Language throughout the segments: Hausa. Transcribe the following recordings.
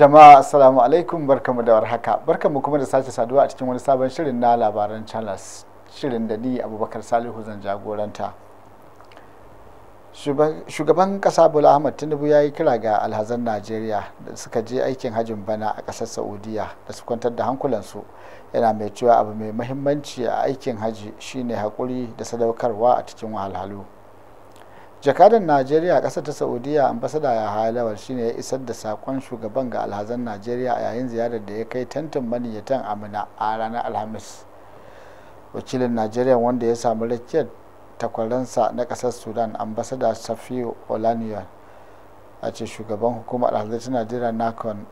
jama'a assalamu alaikum barkamu da warhaka barkamu kuma da sake saduwa a cikin wani sabon shirin na labaran channels shirin da ni abubakar salihu zan jagoranta shugaban kasa bola ahmad tinubu ya yi kira ga alhazan najeriya da suka je aikin hajin bana a kasar saudiya da su kwantar da hankulansu yana mai cewa abu mai mahimmanci a aikin haji shine hakuri da sadaukarwa a cikin wahalhalu jakadan najeriya a kasar ta saudiya ambasada ya halawar shine ya isar da sakon shugaban ga alhazan najeriya a yayin ziyarar da ya kai tantan maniyyatan amina a ranar alhamis wakilin najeriya wanda ya samu rakiyar takwaransa na kasar sudan ambasada safiyu olaniyan a ce shugaban hukumar alhazarci najeriya nakon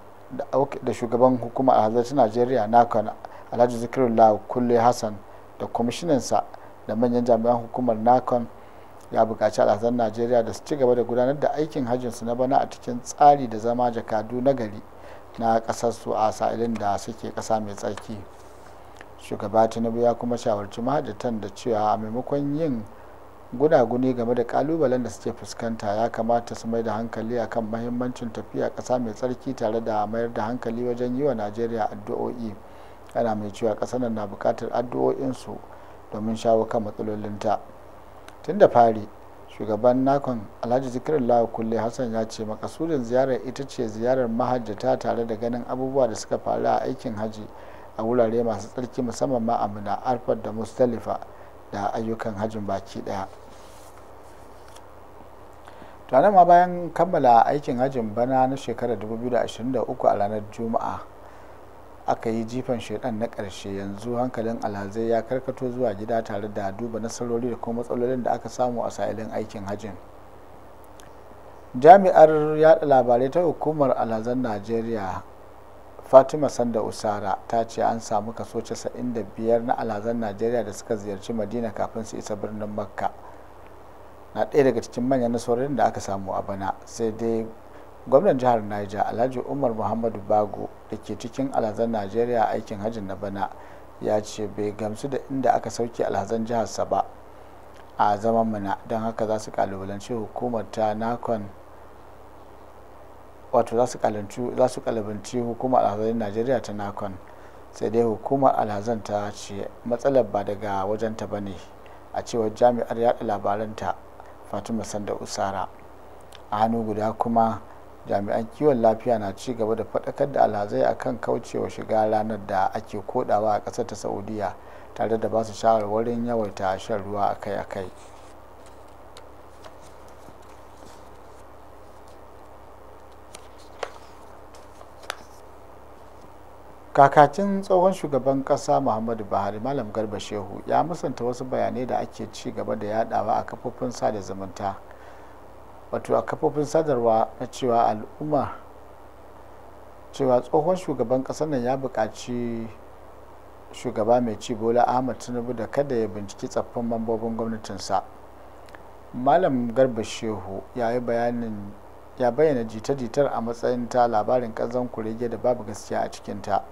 da shugaban hukumar alhazarci najeriya nakon alhaji zikirullah kulle hassan da kwamishinansa da manyan jami'an hukumar nakon ya bukaci alhazan najeriya da su ci gaba da gudanar da aikin hajjinsu na bana a cikin tsari da zama jakadu na gari na ƙasarsu a sa'ilin da suke kasa mai tsarki shugaba tinubu ya kuma shawarci mahajjatan da cewa a maimakon yin gunaguni game da kalubalen da suke fuskanta ya kamata su mai da hankali akan mahimmancin tafiya kasa mai tsarki tare da mayar da hankali wajen yi wa najeriya addu'o'i ana mai cewa ƙasar na bukatar addu'o'insu domin shawo kan matsalolinta. ta tun da fari shugaban nakon alhaji zikirin kulle hassan ya ce makasudin ziyarar ita ce ziyarar mahajjata tare da ganin abubuwa da suka faru a aikin haji a wurare masu tsarki musamman ma amina arfar da mustalifa da ayyukan hajjin baki daya tare ma bayan kammala aikin hajjin bana na shekarar 2023 a ranar juma'a aka yi jifan shaidan na ƙarshe yanzu hankalin alhazai ya karkato zuwa gida tare da duba nasarori da kuma matsalolin da aka samu a sa'ilin aikin hajjin jami'ar yada labarai ta hukumar alhazan najeriya fatima sanda usara ta ce an samu kaso 95 na alhazan najeriya da suka ziyarci madina kafin su isa birnin makka na ɗaya daga cikin manyan nasarorin da aka samu a bana sai dai gwamnan jihar niger alhaji umar muhammadu bago da ke cikin alhazan najeriya aikin hajji na bana ya ce bai gamsu da inda aka sauke alhazan jiharsa ba a zaman mana don haka za su kalubalanci hukumar ta nakon wato za su kalubalanci hukumar alhazan najeriya ta nakon sai dai hukumar alhazan ta ce matsalar ba daga wajenta ba ne a cewar jami'ar yaɗa labaranta fatima sanda usara a hannu guda kuma jami'an kiwon lafiya na ci gaba da faɗakar da alhazai akan kaucewa shiga ranar da ake kodawa a ƙasar ta saudiya tare da ba su shawarwarin yawaita shan ruwa akai-akai kakacin tsohon shugaban kasa muhammadu buhari malam garba shehu ya musanta wasu bayanai da ake ci gaba da yadawa a kafofin sada zumunta wato a kafofin sadarwa na cewa al'umma cewa tsohon shugaban ƙasar nan ya buƙaci shugaba mai ci bola ahmad tinubu da kada ya binciki tsaffin mambobin gwamnatinsa malam garba shehu ya yi bayanin ya bayyana jita-jitar a matsayin ta labarin kanzon kurege da babu gaskiya a cikinta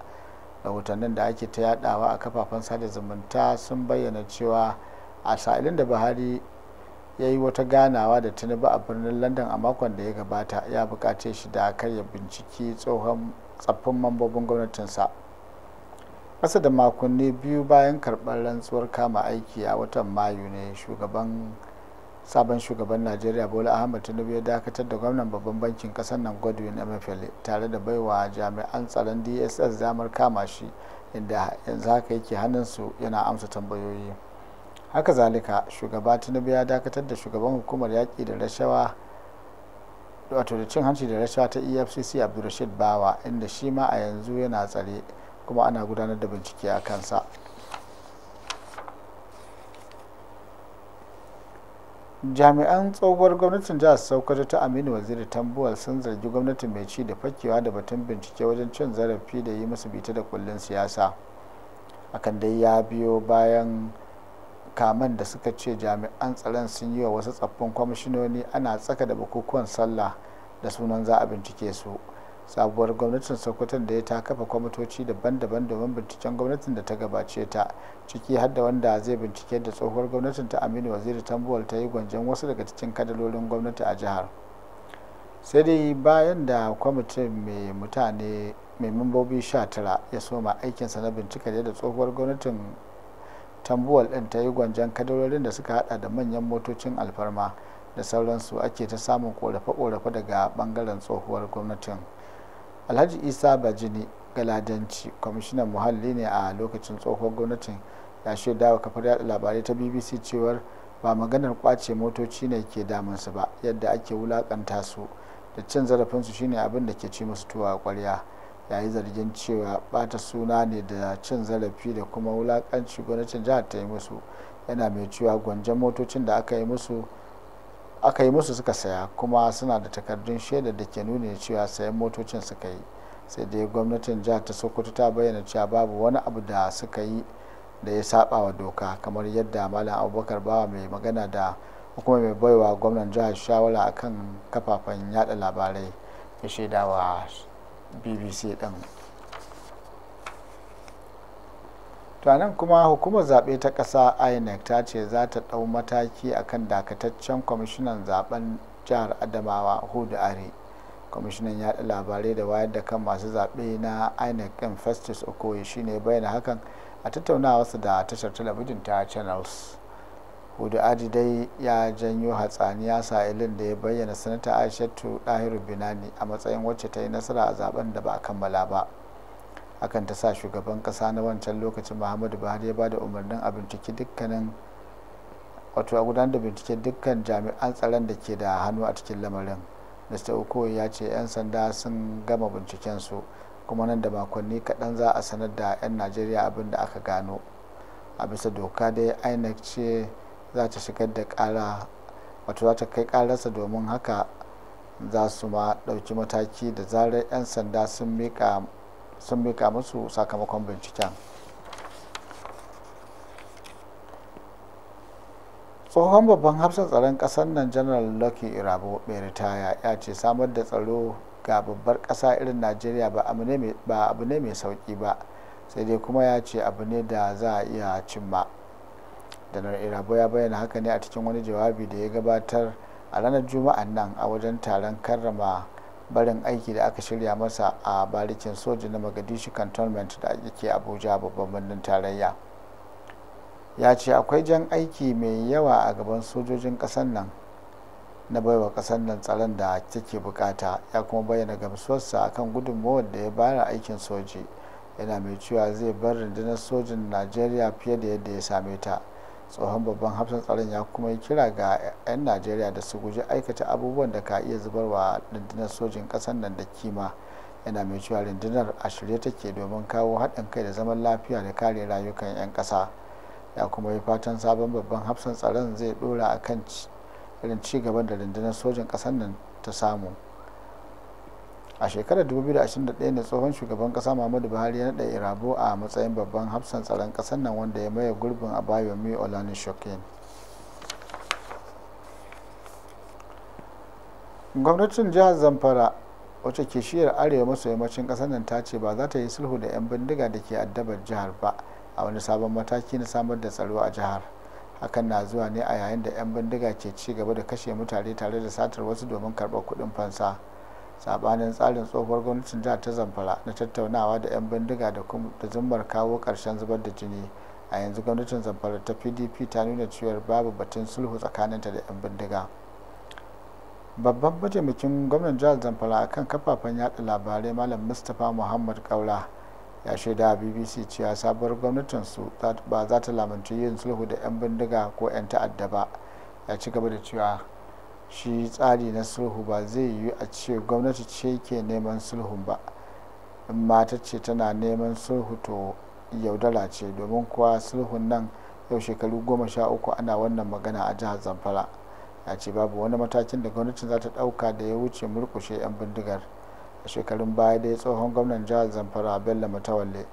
rahotannin da ake ta yadawa a kafafen sada zumunta sun bayyana cewa a sa'ilin da buhari ya yi wata ganawa da tinubu a birnin london a makon da ya gabata ya bukace shi da karya ya binciki tsohon tsaffin mambobin gwamnatinsa ƙasa da makonni biyu bayan karɓar rantsuwar kama aiki a watan mayu ne shugaban sabon shugaban najeriya bola ahmed tinubu ya dakatar da gwamnan babban bankin ƙasar nan godwin mfl tare da baiwa jami'an tsaron dss damar kama shi inda yanzu haka yake hannunsu yana amsa tambayoyi haka zalika shugaba tinubu ya dakatar da shugaban hukumar yaƙi da rashawa wato da cin hanci da rashawa ta efcc abdulrashid bawa inda shi ma a yanzu yana tsare kuma ana gudanar da bincike a kansa jami'an tsohuwar gwamnatin jihar sokoto ta aminu waziri tambuwal sun zargi gwamnatin mai ci da fakewa da batun bincike wajen cin zarafi da yi musu bita da kullun siyasa akan dai ya biyo bayan makaman da suka ce jami'an tsaron sun yi wa wasu tsaffin kwamishinoni ana tsaka da bukukuwan sallah da sunan za a bincike su sabuwar gwamnatin sokoton da ya ta kafa kwamitoci daban-daban domin binciken gwamnatin da ta gabace ta ciki har da wanda zai bincike da tsohuwar gwamnatin ta aminu waziri tambuwal ta yi gwanjan wasu daga cikin kadalolin gwamnati a jihar sai dai bayan da kwamitin mai mutane mai mambobi 19 ya soma aikinsa na bincika da tsohuwar gwamnatin tambuwal ɗin ta yi gwanjan kadarorin da suka hada da manyan motocin alfarma da sauransu ake ta samun korafe-korafe daga bangaren tsohuwar gwamnatin alhaji isa bajini galadanci kwamishinan muhalli ne a lokacin tsohuwar gwamnatin ya shaida wa kafar yada labarai ta bbc cewar ba maganar kwace motoci ne ke damunsu ba yadda ake wulakanta su da cin zarafinsu shine abin da ke ci musu tuwa kwarya ya yi zargin cewa bata suna ne da cin zarafi da kuma wulakanci gwamnatin jihar ta yi musu yana mai cewa gwanjan motocin da aka yi musu suka saya kuma suna da takardun shaidar da ke nuna cewa sayan motocin suka yi sai dai gwamnatin jihar ta sokoto ta bayyana cewa babu wani abu da suka yi da ya saba wa doka kamar yadda malam abubakar bawa mai magana da hukumar mai baiwa gwamnan jihar shawara akan kafafen yada labarai ya shaidawa bbc ɗin tunanin kuma hukumar zaɓe ta ƙasa inec ta ce za ta ɗau mataki a kan dakataccen kwamishinan zaben jihar adamawa hudu are kwamishinan yaɗa labarai da wayar da kan masu zaɓe na inec ɗin festus okoye shine bayyana hakan a tattaunawarsa da tashar talabijin ta channels hudu adi dai ya janyo hatsaniya sa'ilin da ya bayyana sanata aishatu ɗahiru binani a matsayin wacce ta yi nasara a zaben da ba a kammala ba hakan ta sa shugaban ƙasa na wancan lokacin muhammadu buhari ya ba da umarnin a binciki dukkanin wato a gudanar da bincike dukkan jami'an tsaron da ke da hannu a cikin lamarin mr uko ya ce 'yan sanda sun gama binciken su kuma nan da makonni kaɗan za a sanar da 'yan najeriya abin da aka gano a bisa doka dai inec ce za ta shigar da kara wato za ta kai kararsa domin haka za su ma dauki mataki da zarar 'yan sanda sun mika musu sakamakon binciken tsohon babban hafsan tsaron ƙasar nan janar lucky irabo mai ritaya ya ce samar da tsaro ga babbar kasa irin najeriya ba abu ne mai sauki ba sai dai kuma ya ce abu ne da za a iya cimma janar irabo ya bayyana haka ne a cikin wani jawabi da ya gabatar a ranar juma'an nan a wajen taron karrama barin aiki da aka shirya masa a barikin soja na magadishu cantonment da ake abuja babban birnin tarayya ya ce akwai jan aiki mai yawa a gaban sojojin kasan nan na baiwa kasan nan tsaron da take bukata ya kuma bayyana gamsuwarsa akan gudunmawar da ya bayar aikin soji yana mai cewa zai bar rundunar sojin najeriya fiye da yadda ya same ta tsohon babban hafsan tsarin ya kuma yi kira ga 'yan najeriya da su guji aikata abubuwan da ka iya zubarwa rundunar sojin kasan nan da kima yana mai cewa rundunar a shirye take domin kawo haɗin kai da zaman lafiya da kare rayukan 'yan ƙasa ya kuma yi fatan sabon babban hafsan tsaron zai ɗora a kan irin ci gaban da rundunar sojin ƙasar nan ta samu a shekarar 2021 ne tsohon shugaban kasa muhammadu buhari ya naɗa irabo a matsayin babban hafsan tsaron kasar nan wanda ya maye gurbin a bayomi shokin. gwamnatin jihar zamfara wacce ke shiyar arewa maso yammacin kasar nan ta ce ba za ta yi sulhu da 'yan bindiga da ke addabar jihar ba a wani sabon mataki na samar da tsaro a jihar hakan na zuwa ne a yayin da 'yan bindiga ke ci gaba da kashe mutane tare da satar wasu domin karɓar kuɗin fansa sabanin tsarin tsohuwar gwamnatin jihar ta zamfara na tattaunawa da 'yan bindiga da da zumbar kawo karshen zubar da jini a yanzu gwamnatin zamfara ta pdp ta nuna cewar babu batun sulhu tsakaninta da 'yan bindiga babban mataimakin gwamnan jihar zamfara a kan kafafen yada labarai malam mustapha muhammad kaura ya shaida bbc cewa sabuwar gwamnatin su ba za ta lamunci yin sulhu da 'yan bindiga ko 'yan ta'adda ba ya ci gaba da cewa shi tsari na sulhu ba zai yiwu a ce gwamnati ce ke neman sulhun ba in mata ce tana neman sulhu to yaudara ce domin kuwa sulhun nan yau shekaru goma sha uku ana wannan magana a jihar zamfara ya ce babu wani matakin da gwamnati za ta ɗauka da ya wuce murkushe 'yan bindigar a shekarun baya dai tsohon gwamnan jihar zamfara bello matawalle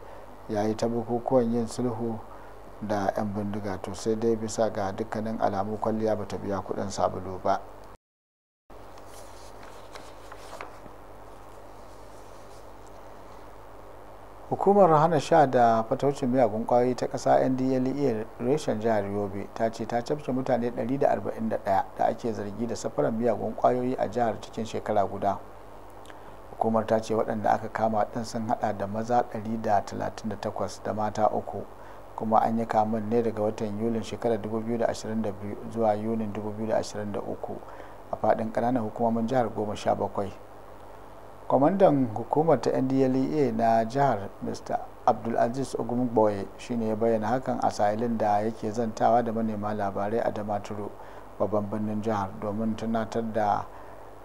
ya yi ta bukukuwan yin sulhu da 'yan bindiga to sai dai bisa ga dukkanin alamu kwalliya ba ta biya kuɗin sabulu ba hukumar hana sha da fataucin miyagun kwayoyi ta ƙasa ndlea reshen jihar yobe ta ce ta cafke mutane 141 da ake zargi da safaran miyagun kwayoyi a jihar cikin shekara guda hukumar ta ce waɗanda aka kama ɗin sun hada da maza 138 da mata uku kuma an yi kamun ne daga watan yulin shekarar 2022 zuwa yunin 2023 a faɗin ƙananan hukumomin jihar goma sha bakwai. kwamandan hukumar ta ndlea na jihar mr abdulaziz ogunboye shine ya bayyana hakan a sahilin da yake zantawa da manema labarai a damaturu babban birnin jihar domin tunatar da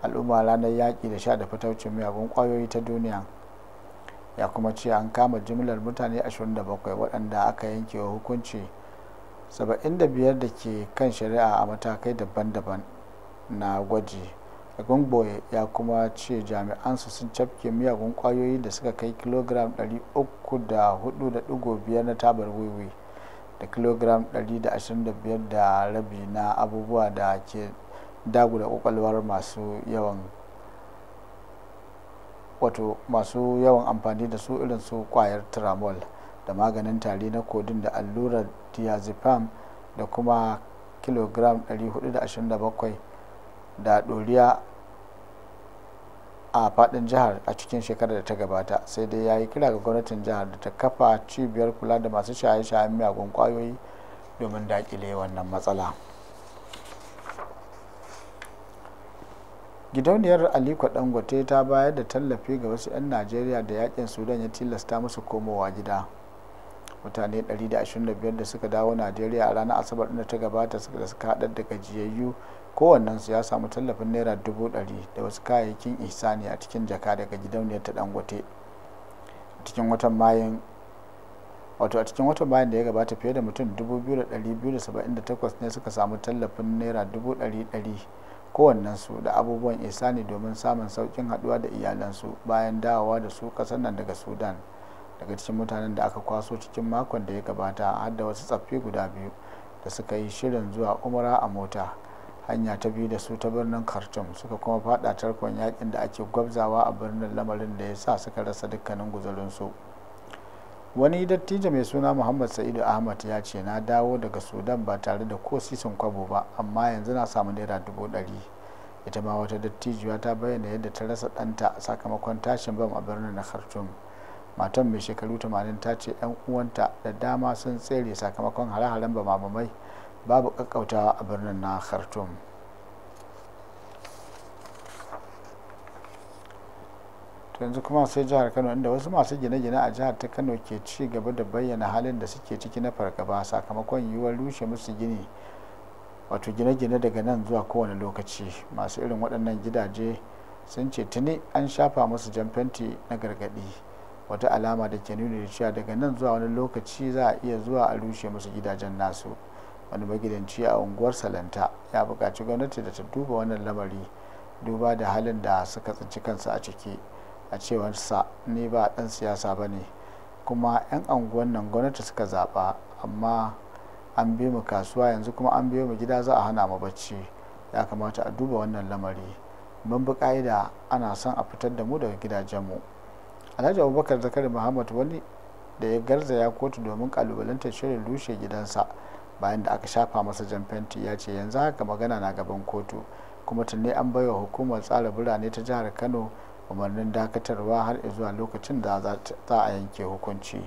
al'umma ranar yaƙi da sha da fitaucin miyagun ƙwayoyi ta duniya ya kuma ce an kama jimlar mutane 27 waɗanda aka yanke wa hukunci 75 da ke kan shari'a a matakai daban-daban na gwaji gungboye ya kuma ce su sun cafke miyagun kwayoyi da suka kai kilogram 304.5 na tabar wiwi da kilogram 125 da rabi na abubuwa da ke dagula kwakwalwar masu yawan wato masu yawan amfani da su irin su kwayar tramol da maganin tari na kodin da allurar diazepam da kuma kilogram 427 da doriya a fadin jihar a cikin shekarar da ta gabata sai dai ya yi kira ga gwamnatin jihar da ta kafa cibiyar kula da masu shaye-shayen miyagun kwayoyi domin dakile wannan matsala gidauniyar aliko dangote ta bayar da tallafi ga wasu 'yan najeriya da yakin sudan ya tilasta musu komowa gida mutane 125 da suka dawo najeriya a ranar asabar da ta gabata da suka haɗar da gajiyayyu su ya samu tallafin naira dubu ɗari da wasu kayayyakin ihsani a cikin jaka daga gidauniyar ta dangote a cikin watan mayun bayan da ya gabata fiye da mutum 2,278 ne suka samu tallafin naira 100,000 kowannensu da abubuwan isani domin samun saukin haduwa da iyalansu bayan dawowa da su kasar nan daga sudan daga cikin mutanen da aka kwaso cikin makon da ya gabata har da wasu tsaffi guda biyu da suka yi shirin zuwa umara a mota hanya ta biyu da su ta birnin khartoum suka kuma fada tarkon yakin da ake gwabzawa a birnin lamarin da ya sa suka rasa dukkanin guzurinsu wani dattijo mai suna muhammad sa'idu ahmad ya ce na dawo daga sudan ba tare da ko sisin kwabo ba amma yanzu na samu naira dubu ɗari ita ma wata dattijuwa ta bayyana yadda ta rasa ɗanta sakamakon tashin bam a birnin na khartoum matan mai shekaru 80 ta ce 'yan uwanta da dama sun tsere sakamakon hare-haren bamamamai babu kakkautawa a birnin na khartoum yanzu kuma sai jihar kano inda wasu masu gine-gine a jihar ta kano ke ci gaba da bayyana halin da suke ciki na fargaba sakamakon yiwuwar rushe musu gini wato gine-gine daga nan zuwa kowane lokaci masu irin waɗannan gidaje sun ce tuni an shafa musu jan fenti na gargaɗi wata alama da ke nuna da cewa daga nan zuwa wani lokaci za a iya zuwa a rushe musu gidajen nasu wani magidanci a unguwar salanta ya buƙaci gwamnati da ta duba wannan lamari duba da halin da suka tsinci kansu a ciki a cewar sa ni ba ɗan siyasa ba ne kuma 'yan anguwan nan gwamnati suka zaɓa amma an bi mu kasuwa yanzu kuma an biyo mu gida za a hana mu bacci ya kamata a duba wannan lamari mun bi ƙa'ida ana son a fitar da mu daga gidajen mu. alhaji abubakar zakari muhammad wani da ya garza ya kotu domin kalubalantar shirin rushe gidansa bayan da aka shafa masa jan fenti ya ce yanzu haka magana na gaban kotu kuma tunne an baiwa hukumar tsara birane ta jihar kano umarnin dakatarwa har zuwa lokacin da za a yanke hukunci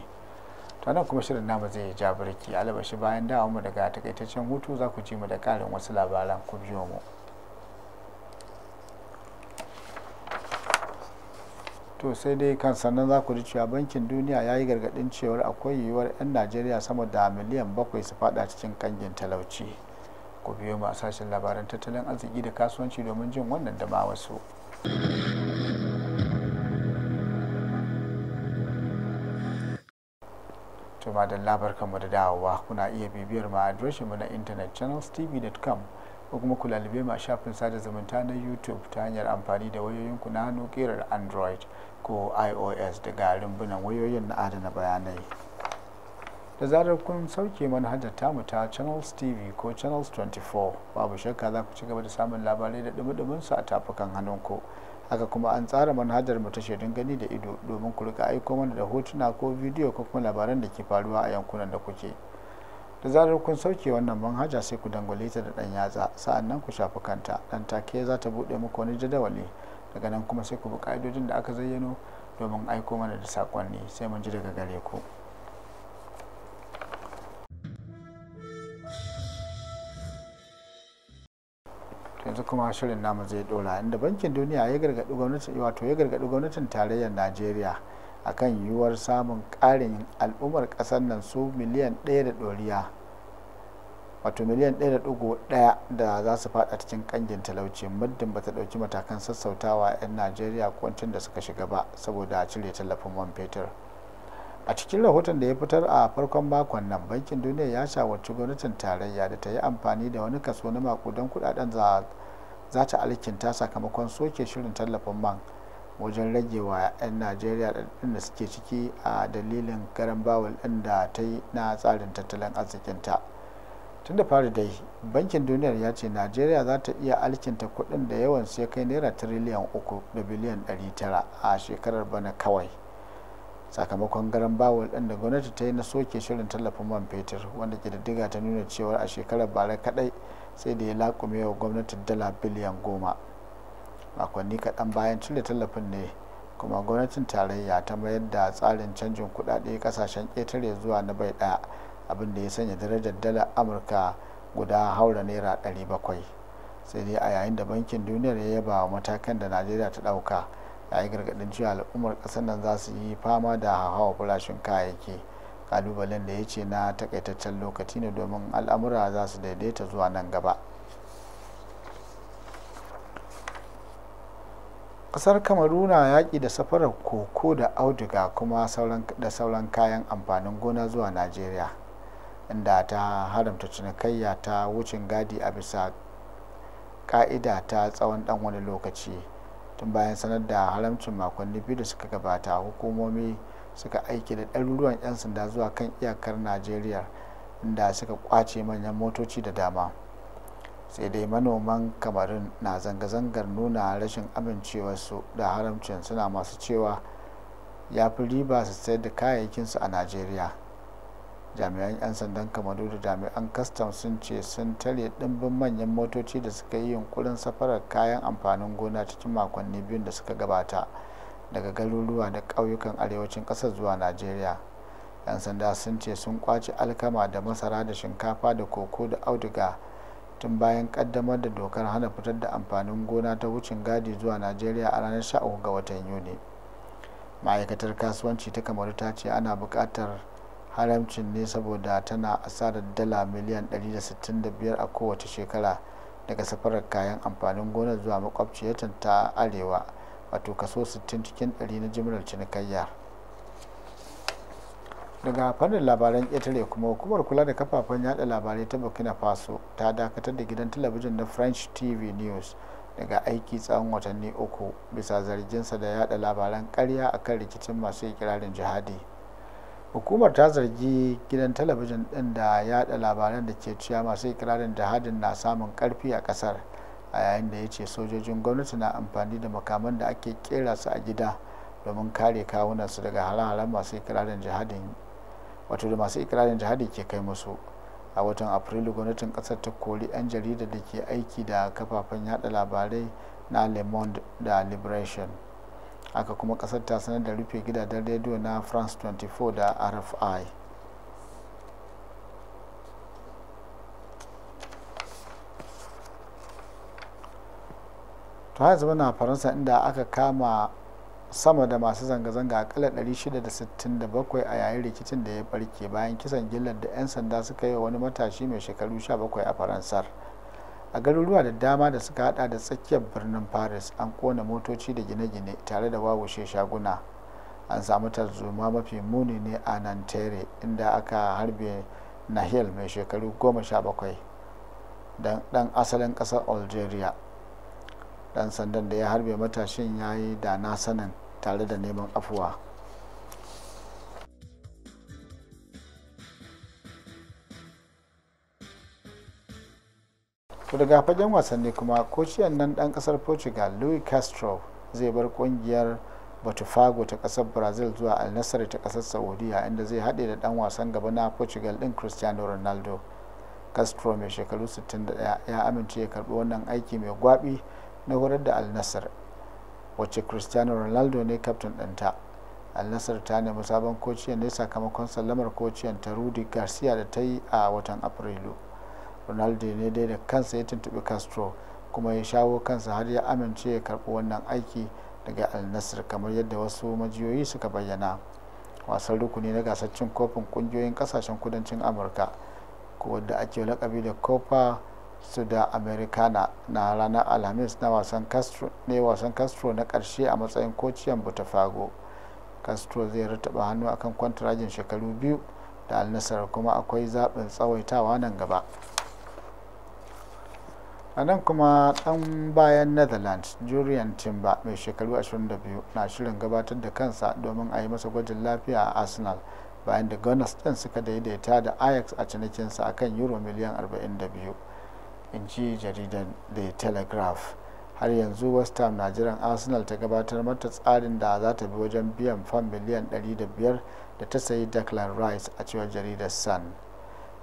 to kuma shirin namu zai ja birki alabashi bayan da mu daga takaitaccen hutu za ku ji mu da karin wasu labaran ku biyo mu to sai dai kan sannan za ku ji cewa bankin duniya ya yi gargaɗin cewar akwai yiwuwar 'yan najeriya sama da miliyan bakwai su fada cikin kangin talauci ku biyo mu a sashen labaran tattalin arziki da kasuwanci domin jin wannan da ma wasu to madalla barkanmu da dawowa kuna iya bibiyar mu a mu na intanet tv.com. ko kuma ku lalube ma shafin sada zumunta na youtube ta hanyar amfani da wayoyinku na hannu kerar android ko ios daga rumbunan wayoyin na adana bayanai da zarar kun sauke manhajar tamu ta channels tv ko channels 24 babu shakka za ku ci gaba da samun labarai da dumi su a tafukan hannunku haka kuma an tsara manhajar mu ta shaidun gani da ido domin ku rika aiko mana da hotuna ko bidiyo ko kuma labaran da ke faruwa a yankunan da kuke. da zarar kun sauke wannan manhaja sai ku dangwale ta da dan yatsa sa'annan ku shafi kanta dan take za ta bude muku wani jadawali daga nan kuma sai ku bi ka'idodin da aka zayyano domin aiko mana da sakonni sai mun ji daga gare ku yanzu kuma shirin namu zai dora inda bankin duniya ya gargaɗi gwamnatin wato ya gargaɗi gwamnatin tarayyar najeriya a kan yiwuwar samun ƙarin al'ummar ƙasar nan su miliyan ɗaya da ɗoriya wato miliyan ɗaya da ɗigo ɗaya da za su faɗa cikin ƙangin talauci muddin ba ta ɗauki matakan sassautawa 'yan najeriya kwancin da suka shiga ba saboda cire tallafin man fetur a cikin rahoton da ya fitar a farkon makon nan bankin duniya ya shawarci gwamnatin tarayya da ta yi amfani da wani kaso na makudan kudaden za ta alkinta sakamakon soke shirin tallafin man wajen rage wa 'yan najeriya da suke ciki a dalilin garan bawul ɗin da ta yi na tsarin tattalin arzikinta tun da fari dai bankin duniyar ya ce najeriya za ta iya alkinta kuɗin da yawan sai kai naira tiriliyan uku da biliyan ɗari tara a shekarar bana kawai sakamakon garan bawul ɗin da gwamnati ta yi na soke shirin tallafin man fetur wanda ke diga ta nuna cewar a shekarar bara kaɗai sai da ya laƙume wa gwamnati dala biliyan goma makonni kaɗan bayan cire tallafin ne kuma gwamnatin tarayya ta mayar da tsarin canjin kuɗaɗe kasashen ƙetare zuwa na bai ɗaya abin da ya sanya darajar dalar amurka guda haura naira ɗari bakwai sai dai a yayin da bankin duniyar ya yaba matakan da najeriya ta ɗauka ya yi gargaɗin cewa al'ummar ƙasar nan za su yi fama da hawa farashin kayayyaki kalubalen da ya ce na takaitaccen lokaci ne domin al'amura za su daidaita zuwa nan gaba kasar kamaruna yaƙi da safarar koko da auduga kuma da sauran kayan amfanin gona zuwa nigeria inda ta haramta cinikayya ta wucin gadi a bisa ka'ida ta tsawon dan wani lokaci tun bayan sanar da haramcin makonni biyu da suka gabata hukumomi suka aiki da ɗaruruwan 'yan sanda zuwa kan iyakar nigeria inda suka kwace manyan motoci da dama sai dai manoman kamarin na zanga-zangar nuna rashin amincewarsu da haramcin suna masu cewa ya fi riba su sayar da kayayyakinsu a najeriya jami'an 'yan sandan kamaru da jami'an kastam sun ce sun tare ɗimbin manyan motoci da suka yi yunkurin safarar kayan amfanin gona cikin makonni biyun da suka gabata daga garuruwa da ƙauyukan arewacin ƙasar zuwa najeriya 'yan sanda sun ce sun kwace alkama da masara da shinkafa da koko da auduga tun bayan kaddamar da dokar hana fitar da amfanin gona ta wucin gadi zuwa najeriya a ranar 13 ga watan yuni ma'aikatar kasuwanci ta kamaru ta ce ana buƙatar haramcin ne saboda tana asarar dala miliyan 165 a kowace shekara daga safarar kayan amfanin gona zuwa makwabciyarta ta arewa wato kaso 60 cikin 100 na jimlar cinikayya daga fannin labaran ƙetare kuma hukumar kula da kafafen yada labarai ta burkina faso ta dakatar da gidan talabijin na french tv news daga aiki tsawon watanni uku bisa zarginsa da yada labaran karya akan rikicin masu ikirarin jihadi hukumar ta zargi gidan talabijin ɗin da yada labaran da ke ciya masu ikirarin jihadin na samun karfi a kasar a yayin da ya ce sojojin gwamnati na amfani da makaman da ake kera su a gida domin kare kawunansu daga hare-haren masu ikirarin jihadin wato da masu ikirarin jihadi ke kai musu a watan afrilu gwamnatin kasar ta kori 'yan jarida da ke aiki da kafafen yada labarai na le monde da liberation aka kuma kasar ta sanar da rufe gidajen rediyo na france 24 da rfi ta zama na faransa inda aka kama sama da masu zanga-zanga akalla 667 a yayin rikicin da ya barke bayan kisan gillar da 'yan sanda suka yi wa wani matashi mai shekaru 17 a faransar a garuruwa da dama da suka hada da tsakiyar birnin paris an kona motoci da gine-gine tare da wawushe shaguna an samu tarzoma mafi muni ne a nantere inda aka harbe nahil mai shekaru 17 dan asalin kasar algeria dan sandan da ya harbe matashin ya yi da na sanin tare da neman afuwa to daga fagen wasanni kuma kociyan nan dan kasar portugal louis castro zai bar kungiyar botafogo ta kasar brazil zuwa alnasar ta kasar saudiya inda zai haɗe da dan wasan gaba na portugal din cristiano ronaldo castro mai shekaru 61 ya amince ya karbi wannan aiki mai gwabi na horar da alnasar wacce cristiano ronaldo ne kaftin ɗinta alnasar ta nemi sabon kociyan ne sakamakon sallamar kociyan ta rudi garcia da ta yi a watan afrilu ronaldo ne dai da kansa ya tuntubi castro kuma ya shawo kansa har ya amince ya karɓi wannan aiki daga alnasar kamar yadda wasu majiyoyi suka bayyana wasan rukuni na gasar cin kofin kungiyoyin kasashen kudancin amurka ko wadda ake lakabi da kofa. su da na ranar alhamis na wasan castro ne wasan castro na karshe a matsayin kociyan botafogo castro zai rataba hannu akan kwantarajin shekaru biyu da alnasar kuma akwai zaɓin tsawaitawa nan gaba a nan kuma ɗan bayan netherlands julian timber mai shekaru 22 na shirin gabatar da kansa domin a yi masa gwajin lafiya a arsenal bayan da gunners ɗin suka daidaita da ajax a cinikinsa akan euro miliyan 42 in ji jaridar the telegraph har yanzu west ham na jiran arsenal ta gabatar mata tsarin da za ta bi wajen biyan fam miliyan 500 da ta sayi declan rice a cewar jaridar sun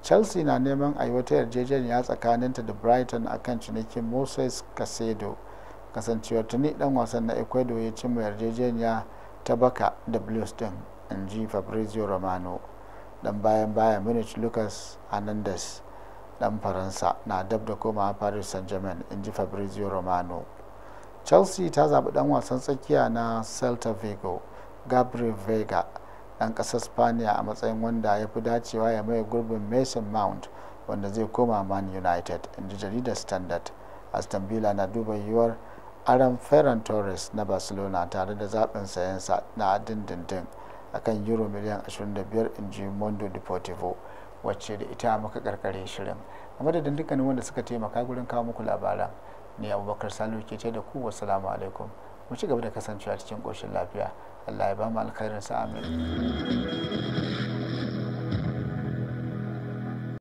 chelsea na neman a yi wata yarjejeniya tsakaninta da brighton a kan cinikin moses casedo kasancewar tuni dan wasan na ecuador ya cimma yarjejeniya ta baka da blues din in ji fabrizio romano dan bayan bayan Minich lucas hernandez dan faransa na dab da komawa paris saint-germain in ji fabrizio romano chelsea ta zaɓi dan wasan tsakiya na celta vigo gabriel vega dan ƙasar spaniya a matsayin wanda ya fi dacewa ya maye gurbin mason mount wanda zai koma man united in ji jaridar standard aston villa na duba yiwuwar aram ferran torres na barcelona tare da zaɓin sayensa na dindindin akan euro miliyan 25 in ji mondo deportivo wacce da ita muka karkare shirin a madadin dukkanin wanda suka taimaka gurin kawo muku labaran ne abubakar sani ke ce da ku wasalamu alaikum mu ci gaba da kasancewa cikin koshin lafiya allah ya ba mu alkhairin sa amin